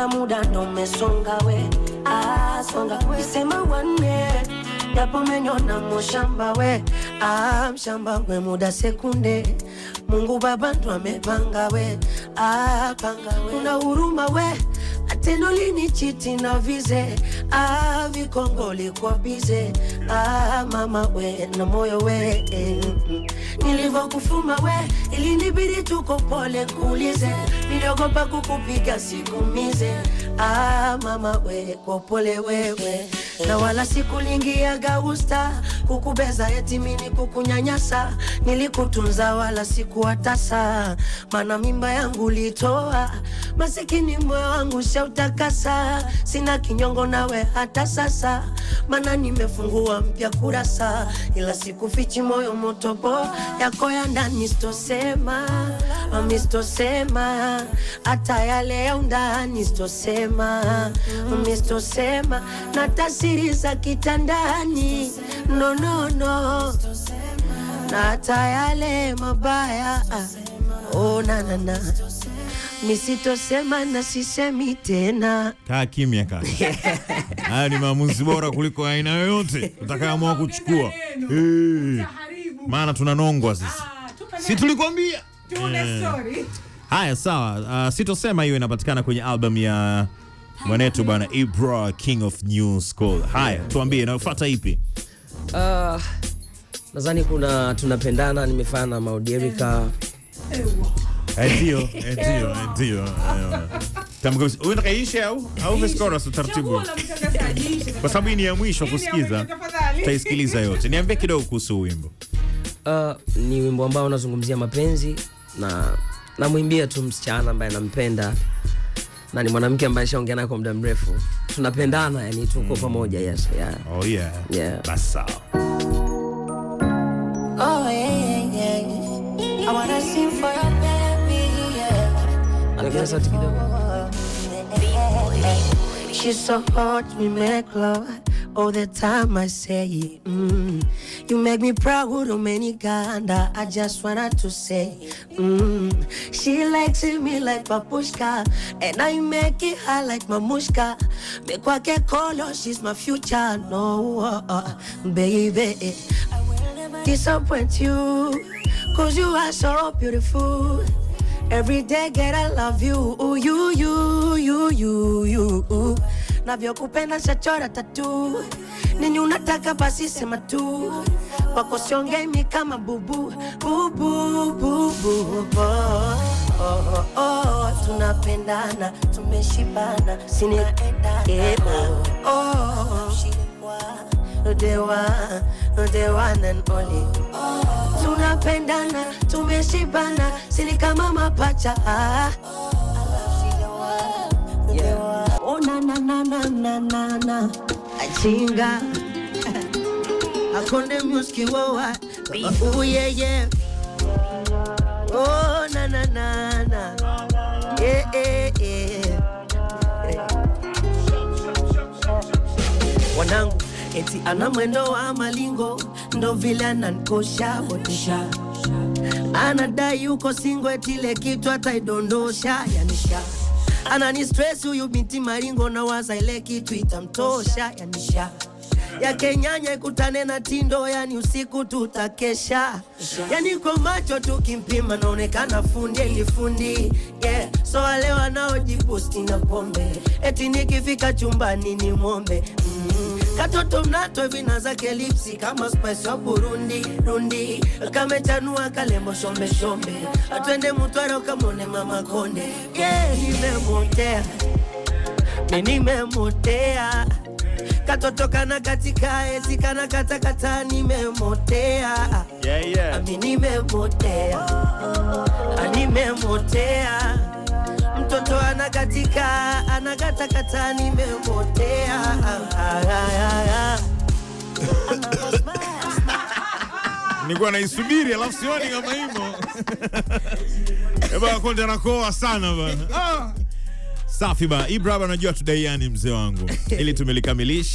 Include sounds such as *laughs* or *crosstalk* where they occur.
muda ndo we ah, songa we sema wanne japo menyona moshamba we ah, mshamba we muda sekunde Mungu baba amepanga we ah, panga we una huruma we atendo lini chiti na vize ah, Kongo likuwa bize. Ah, mama we na moyo we eh, mm. nilivyokufuma we ilinibidi tuko pole kuulize, niliogopa kukupiga sikumize. Ah, mama we kwa pole wewe we na wala sikulingiaga usta kukubeza eti mini kukunyanyasa, nilikutunza wala sikuwatasa, mana mimba yangu litoa masikini moyo wangu shautakasa, sina kinyongo nawe hata sasa, mana nimefungua mpya kurasa, ila sikufichi moyo motopo yako ya ndani, sitosema mami, sitosema hata yale ya undani, sitosema mami, sitosema natasa siri za kitandani, no, no, no, na hata yale mabaya ah. oh, na, na, na. Nisitosema na sisemi tena. Kaa kimya kaka. *laughs* Haya ni maamuzi bora kuliko aina yoyote utakayoamua kuchukua. Hey. Maana tunanongwa sisi. Si tulikwambia. Tuna eh. story. Haya sawa, uh, sitosema hiyo inapatikana kwenye album ya mwanetu bana Ibra King of New School. Haya, tuambie nafuata ipi? Uh, nadhani kuna tunapendana, nimefanya na Maudi Erika. Eh, ndio, eh, ndio, eh, ndio. Tamkaishe au au umeskora taratibu? Kwa sababu hii ni ya mwisho kusikiza, Taisikiliza yote. Niambie kidogo kuhusu wimbo. Uh, ni wimbo ambao unazungumzia mapenzi na namwimbia tu msichana ambaye nampenda na ni mwanamke ambaye shaongea naye kwa muda mrefu, tunapendana, yani tuko mm. pamoja. Yes, yeah. Oh, yeah. Yeah. Oh, yeah, yeah, yeah. I wanna sing for baby, yeah. all the time I say it. Mm. You make me proud of many Uganda. I just wanted to say, mm. she likes me like papushka, and I make it high like mamushka. Make what color, she's my future. No, uh, uh, baby, I will never disappoint you, cause you are so beautiful. Every day, girl, I love you, Ooh, you, you, you, you, you. Ooh. navyokupenda chachora tatu nini unataka basi sema tu wako siongemi kama bubu bubu bubu oh, oh, oh. tunapendana tumeshibana sinaendana the one, the one and Tunapendana, tumeshibana, sili kama mapacha. Ah na na na na na na na achinga *laughs* akonde muski wowa uyeye oh na na na na yeah, yeah, yeah. wanangu eti ana mwendo wa malingo ndo vile anankosha botisha anadai uko singo etile kitu ataidondosha yanisha anani stress huyu binti maringo na waza ile kitu itamtosha yanisha ya nyanya ikutane na tindo, yani usiku tutakesha, yani kwa macho tukimpima naonekana fundi elifundi yeah. So wale wanaojiposti na pombe eti nikifika chumbani ni mwombe mm katoto mnato vina zake lipsi kama spice wa Burundi rundi kamechanua kalembo shombe shombe atwende mutwaro kamone mama konde yeah, nimemotea mi nimemotea katoto kana katika esi kana katakata nimemotea yeah, yeah. mi nimemotea nimemotea anakatika anakatakata, nimemotea nilikuwa naisubiri, alafu sioni kama hivyo. Eba Konde anakoa sana bana. Ah. Safi ba. Ibra anajua tudaiani mzee wangu. *laughs* Ili tumelikamilisha